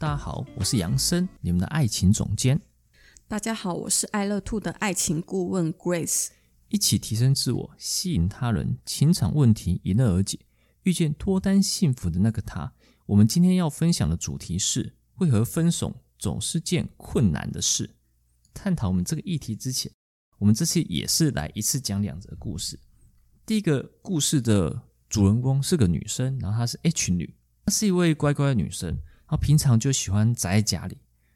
大家好，我是楊生，你們的愛情總監。大家好，我是愛樂 Two 的愛情顧問 Grace。一起提升自我，吸引他人，情場問題迎刃而解，遇見脫單幸福的那個他。我們今天要分享的主題是：為何分手總是件困難的事？探討我們這個議題之前，我們這期也是來一次講兩則故事。第一個故事的主人公是個女生，然後她是 H 女，她是一位乖乖的女生。然後平常就喜歡宅在家裡，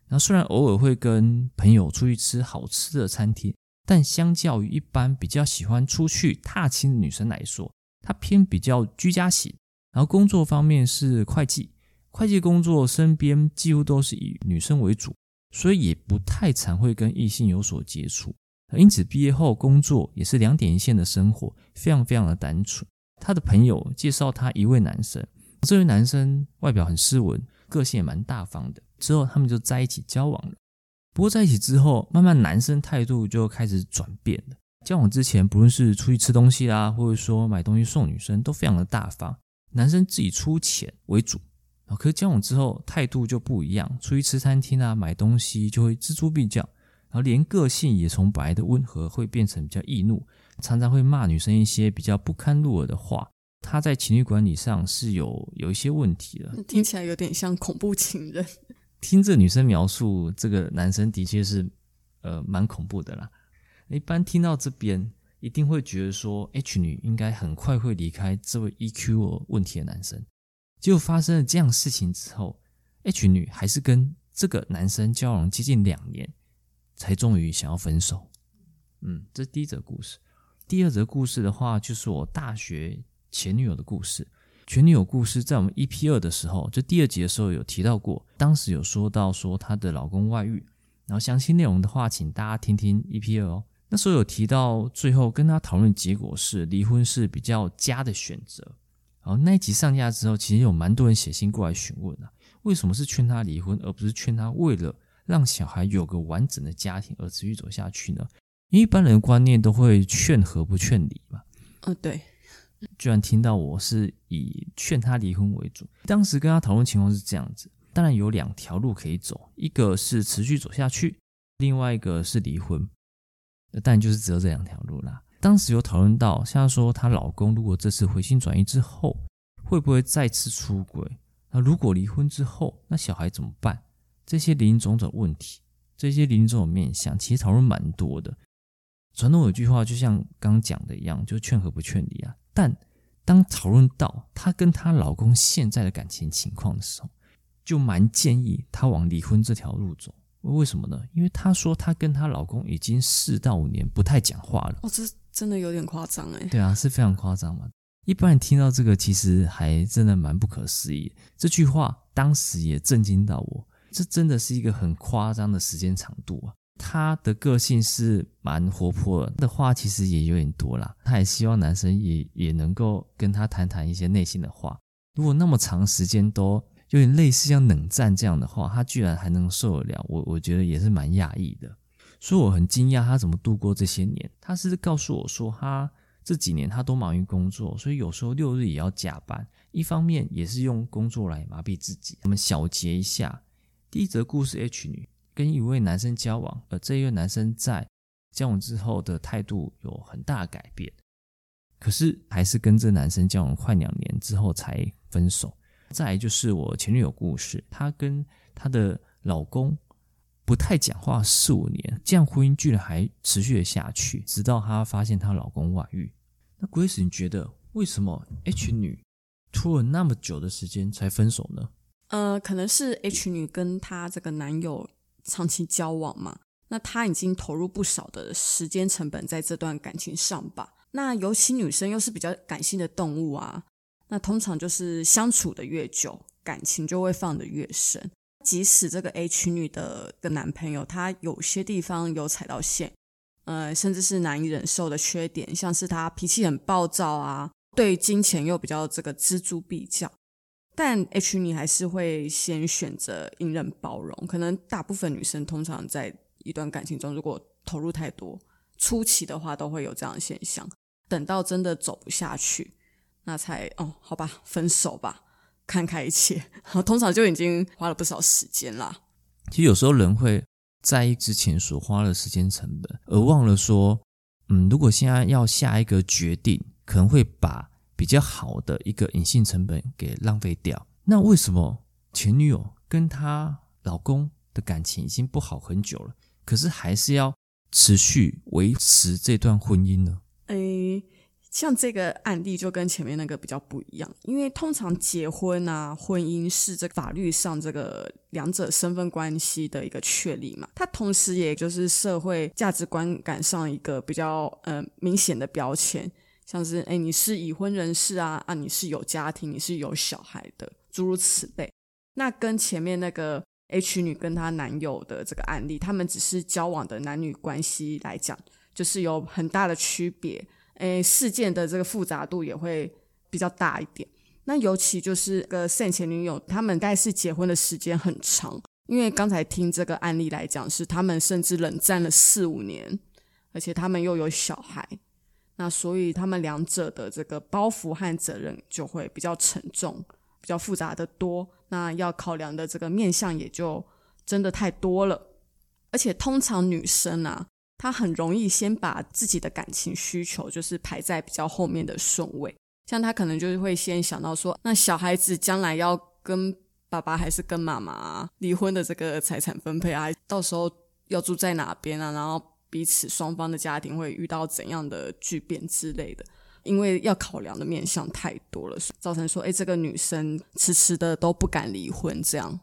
然後雖然偶爾會跟朋友出去吃好吃的餐廳，但相較於一般比較喜歡出去踏青的女生來說，她偏比較居家型。然後工作方面是會計，會計工作身邊幾乎都是以女生為主，所以也不太常會跟異性有所接觸。因此畢業後工作也是兩點一線的生活，非常非常的單純。她的朋友介紹她一位男生，這位男生外表很斯文。個性也蠻大方的，之後他們就在一起交往了。不過在一起之後，慢慢男生態度就開始轉變了。交往之前，不論是出去吃東西啦、啊，或者說買東西送女生，都非常的大方，男生自己出錢為主。然後，可是交往之後態度就不一樣，出去吃餐廳啊，買東西就會錙銖必較，然後連個性也從本來的溫和會變成比較易怒，常常會罵女生一些比較不堪入耳的話。他在情緒管理上是有有一些問題的，聽起來有點像恐怖情人。聽這女生描述，這個男生的確是呃蠻恐怖的啦。一般聽到這邊，一定會覺得說 H 女應該很快會離開這位 EQ 問題的男生。結果發生了這樣事情之後，H 女還是跟這個男生交往接近兩年，才終於想要分手。嗯，這是第一則故事。第二則故事的話，就是我大學。前女友的故事。前女友故事在我們 EP 二的時候，就第二集的時候有提到過。當時有說到說她的老公外遇，然後詳細內容的話，請大家聽聽 EP 二哦。那時候有提到，最後跟她討論結果是離婚是比較佳的選擇。然後那一集上架之後，其實有蠻多人寫信過來詢問啊，為什麼是勸她離婚，而不是勸她為了讓小孩有個完整的家庭而持續走下去呢？因為一般人的觀念都會勸和不勸離嘛。嗯、哦，對。居然聽到我是以勸他離婚為主。當時跟他討論情況是這樣子，當然有兩條路可以走，一個是持續走下去，另外一個是離婚。但就是只有這兩條路啦。當時有討論到，像說她老公如果這次回心轉意之後，會不會再次出軌？那如果離婚之後，那小孩怎麼辦？這些林林總總問題，這些林林總總面向，其實討論蠻多的。傳統有一句話，就像剛講的一樣，就勸和不勸離啊。但當討論到她跟她老公現在的感情情況的時候，就蠻建議她往離婚這條路走。為什麼呢？因為她說她跟她老公已經四到五年不太講話了。哦，這真的有點誇張哎。對啊，是非常誇張嘛。一般人聽到這個其實還真的蠻不可思議。這句話當時也震驚到我，這真的是一個很誇張的時間長度啊。她的個性是蠻活潑的，他的話其實也有點多啦。她也希望男生也也能夠跟她談談一些內心的話。如果那麼長時間都有點類似像冷戰這樣的話，他居然還能受得了，我我覺得也是蠻訝異的。所以我很驚訝他怎麼度過這些年。他是告訴我說，他這幾年他都忙於工作，所以有時候六日也要加班。一方面也是用工作來麻痹自己。我們小結一下，第一則故事 H 女。跟一位男生交往，而這一位男生在交往之後的態度有很大的改變，可是還是跟這男生交往快兩年之後才分手。再來就是我前女友故事，她跟她的老公不太講話四五年，這樣婚姻居然還持續了下去，直到她發現她老公外遇。那 Grace，你覺得為什麼 H 女拖了那麼久的時間才分手呢？呃，可能是 H 女跟她這個男友，長期交往嘛，那他已經投入不少的時間成本在這段感情上吧。那尤其女生又是比較感性的動物啊，那通常就是相處的越久，感情就會放的越深。即使這個 H 女的個男朋友，他有些地方有踩到線，呃，甚至是難以忍受的缺點，像是他脾氣很暴躁啊，對金錢又比較這個錙銖必較。但 H，你還是會先選擇隱忍包容。可能大部分女生通常在一段感情中，如果投入太多，初期的話都會有這樣的現象。等到真的走不下去，那才哦，好吧，分手吧，看開一切好。通常就已經花了不少時間啦。其實有時候人會在意之前所花的時間成本，而忘了說，嗯，如果現在要下一個決定，可能會把。比較好的一個隱性成本給浪費掉，那為什麼前女友跟她老公的感情已經不好很久了，可是還是要持續維持這段婚姻呢？哎、欸，像這個案例就跟前面那個比較不一樣，因為通常結婚啊，婚姻是這個法律上這個兩者身份關係的一個確立嘛，它同時也就是社會價值觀感上一個比較嗯、呃、明顯的標籤。像是哎、欸，你是已婚人士啊啊，你是有家庭，你是有小孩的，諸如此類。那跟前面那個 H 女跟她男友的這個案例，他們只是交往的男女關係來講，就是有很大的區別。哎、欸，事件的這個複雜度也會比較大一點。那尤其就是那個現前女友，他們大概是結婚的時間很長，因為剛才聽這個案例來講，是他們甚至冷戰了四五年，而且他們又有小孩。那所以他們兩者的這個包袱和責任就會比較沉重，比較複雜的多。那要考量的這個面向也就真的太多了。而且通常女生啊，她很容易先把自己的感情需求就是排在比較後面的順位，像她可能就是會先想到說，那小孩子將來要跟爸爸還是跟媽媽，離婚的這個財產分配啊，到時候要住在哪邊啊，然後。彼此雙方的家庭會遇到怎樣的巨變之類的，因為要考量的面向太多了，造成說，哎，這個女生遲遲的都不敢離婚，這樣。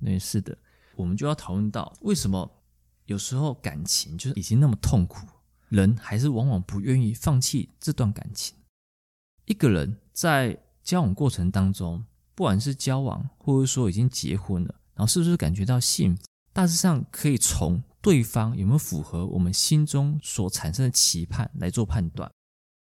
沒、嗯、是的，我們就要討論到為什麼有時候感情就已經那麼痛苦，人還是往往不願意放棄這段感情。一個人在交往過程當中，不管是交往，或者說已經結婚了，然後是不是感覺到幸福？大致上可以從。對方有沒有符合我們心中所產生的期盼來做判斷？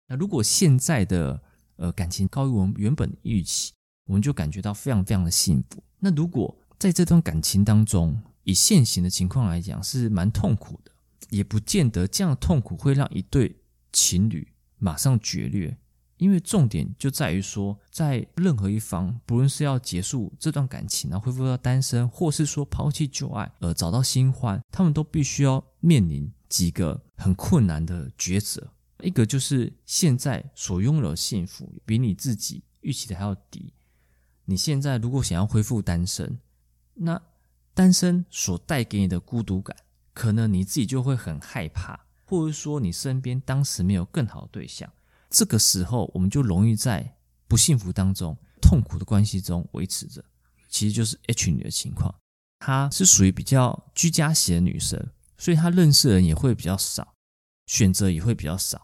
那如果現在的，呃，感情高於我們原本的預期，我們就感覺到非常非常的幸福。那如果在這段感情當中，以現行的情況來講，是蠻痛苦的，也不見得這樣的痛苦會讓一對情侶馬上決裂。因為重點就在於說，在任何一方，不論是要結束這段感情，然後恢復到單身，或是說拋棄舊愛，而找到新歡，他們都必須要面臨幾個很困難的抉擇。一個就是現在所擁有的幸福，比你自己預期的還要低。你現在如果想要恢復單身，那單身所帶給你的孤獨感，可能你自己就會很害怕，或者說你身邊當時沒有更好的對象。這個時候，我們就容易在不幸福當中、痛苦的關係中維持着，其實就是 H 女的情況。她是屬於比較居家型的女生，所以她認識的人也會比較少，選擇也會比較少。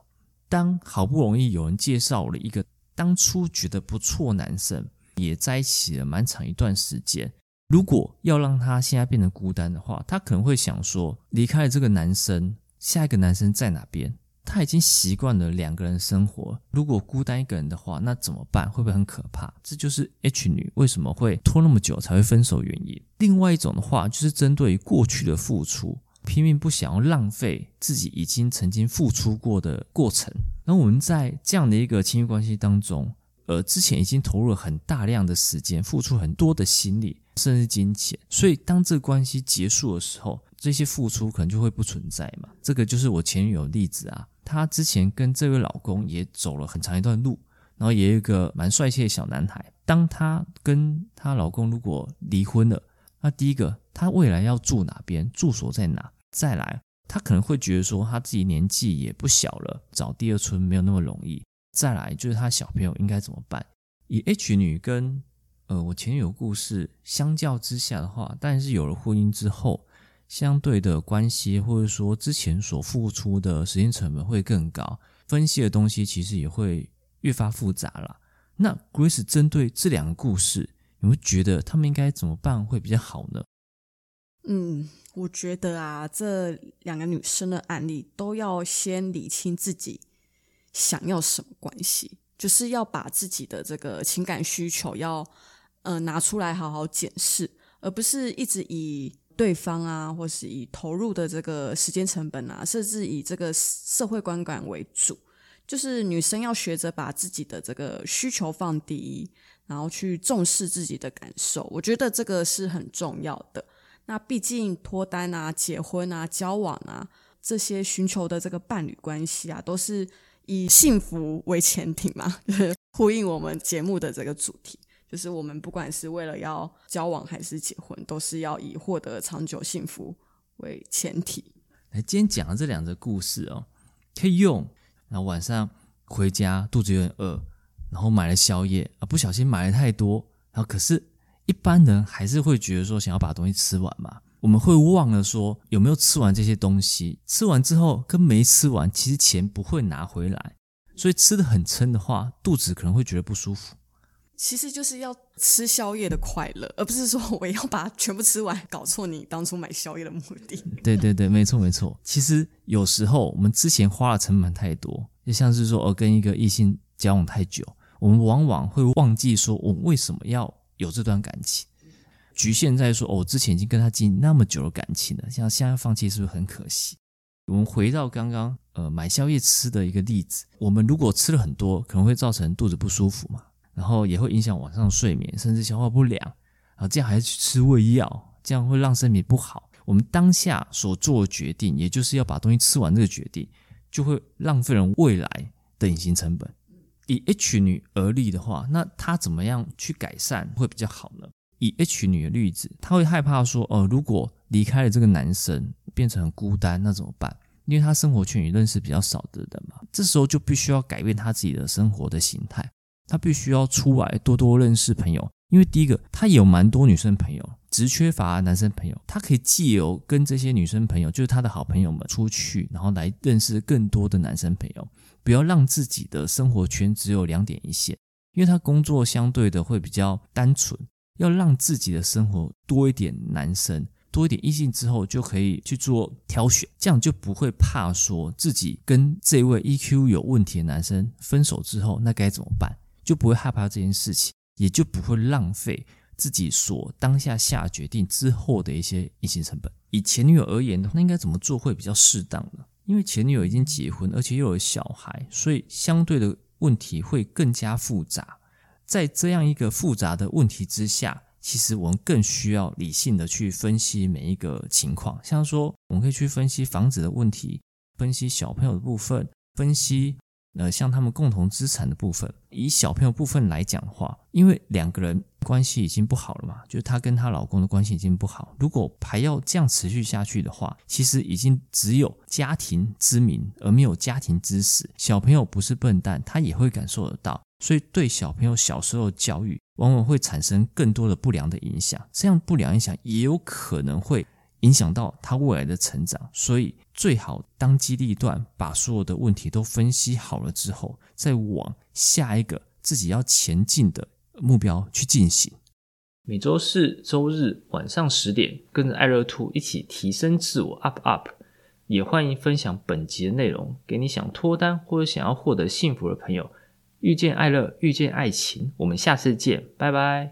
當好不容易有人介紹了一個當初覺得不錯男生，也在一起了蠻長一段時間，如果要讓她現在變得孤單的話，她可能會想說：離開了這個男生，下一個男生在哪邊？他已經習慣了兩個人的生活，如果孤單一個人的話，那怎麼辦？會不會很可怕？這就是 H 女為什麼會拖那麼久才會分手原因。另外一種的話，就是針對於過去的付出，拼命不想要浪費自己已經曾經付出過的過程。那我們在這樣的一個親密關係當中，呃，之前已經投入了很大量的時間，付出很多的心力，甚至金錢。所以當這個關係結束的時候，這些付出可能就會不存在嘛。這個就是我前女友例子啊。她之前跟這位老公也走了很長一段路，然後也有一個蠻帥氣的小男孩。當她跟她老公如果離婚了，那第一個，她未來要住哪邊，住所在哪？再來，她可能會覺得說，她自己年紀也不小了，找第二春沒有那麼容易。再來，就是她小朋友應該怎麼辦？以 H 女跟呃我前面有個故事相較之下的話，但是有了婚姻之後，相對的關係，或者說之前所付出的時間成本會更高，分析的東西其實也會越發複雜了。那 Grace 針對這兩個故事，你會覺得他們應該怎麼辦會比較好呢？嗯，我覺得啊，這兩個女生的案例都要先理清自己想要什麼關係，就是要把自己的這個情感需求要、呃、拿出來好好檢視，而不是一直以。對方啊，或是以投入的這個時間成本啊，甚至以這個社會觀感為主，就是女生要學着把自己的這個需求放第一，然後去重視自己的感受。我覺得這個是很重要的。那畢竟脫單啊、結婚啊、交往啊這些尋求的這個伴侶關係啊，都是以幸福為前提嘛，就是呼應我們節目的這個主題。就是我們不管是為了要交往還是結婚，都是要以獲得長久幸福為前提。哎，今天講的這兩個故事哦，可以用。然後晚上回家肚子有點餓，然後買了宵夜啊，不小心買了太多。然後可是一般人還是會覺得說想要把東西吃完嘛，我們會忘了說有沒有吃完這些東西。吃完之後跟沒吃完，其實錢不會拿回來。所以吃得很撐的話，肚子可能會覺得不舒服。其實就是要吃宵夜的快樂，而不是說我要把它全部吃完，搞錯你當初買宵夜的目的。對對對，沒錯沒錯。其實有時候我們之前花的成本太多，就像是說，我、哦、跟一個異性交往太久，我們往往會忘記說，我為什麼要有這段感情，局限在說，哦，之前已經跟他經營那麼久的感情了，像現在放棄是不是很可惜？我們回到剛剛呃買宵夜吃的一個例子，我們如果吃了很多，可能會造成肚子不舒服嘛？然後也會影響晚上的睡眠，甚至消化不良啊！這樣還是去吃胃藥，這樣會讓身體不好。我們當下所做的決定，也就是要把東西吃完這個決定，就會浪費了未來的隱形成本。嗯。以 H 女而立的話，那她怎麼樣去改善會比較好呢？以 H 女的例子，她會害怕說：哦，呃，如果離開了這個男生，變成孤單，那怎麼辦？因為她生活圈也認識比較少對的人嘛。這時候就必須要改變她自己的生活的形態。他必須要出來多多認識朋友，因為第一個他有蠻多女生朋友，只缺乏男生朋友。他可以借由跟這些女生朋友，就是他的好朋友們出去，然後來認識更多的男生朋友。不要讓自己的生活圈只有兩點一線，因為他工作相對的會比較單純。要讓自己的生活多一點男生，多一點異性之後，就可以去做挑選，這樣就不會怕說自己跟這位 EQ 有問題的男生分手之後，那該怎麼辦？就不會害怕這件事情，也就不會浪費自己所當下下決定之後的一些隱性成本。以前女友而言的話，應該怎麼做會比較適當呢？因為前女友已經結婚，而且又有小孩，所以相對的問題會更加複雜。在這樣一個複雜的問題之下，其實我們更需要理性的去分析每一個情況。像說，我們可以去分析房子的問題，分析小朋友的部分，分析。呃，像他們共同資產的部分，以小朋友部分來講的話，因為兩個人關係已經不好了嘛，就是她跟她老公的關係已經不好，如果還要這樣持續下去的話，其實已經只有家庭之名而沒有家庭之實。小朋友不是笨蛋，他也會感受得到，所以對小朋友小時候的教育往往會產生更多的不良的影響。這樣不良影響也有可能會。影響到他未來的成長，所以最好當機立斷，把所有的問題都分析好了之後，再往下一個自己要前進的目標去進行。每週四、週日晚上十點，跟着愛樂 Two 一起提升自我，up up。也歡迎分享本集的內容給你想脫單或者想要獲得幸福的朋友。遇見愛樂 Two，遇見愛情，我們下次見，拜拜。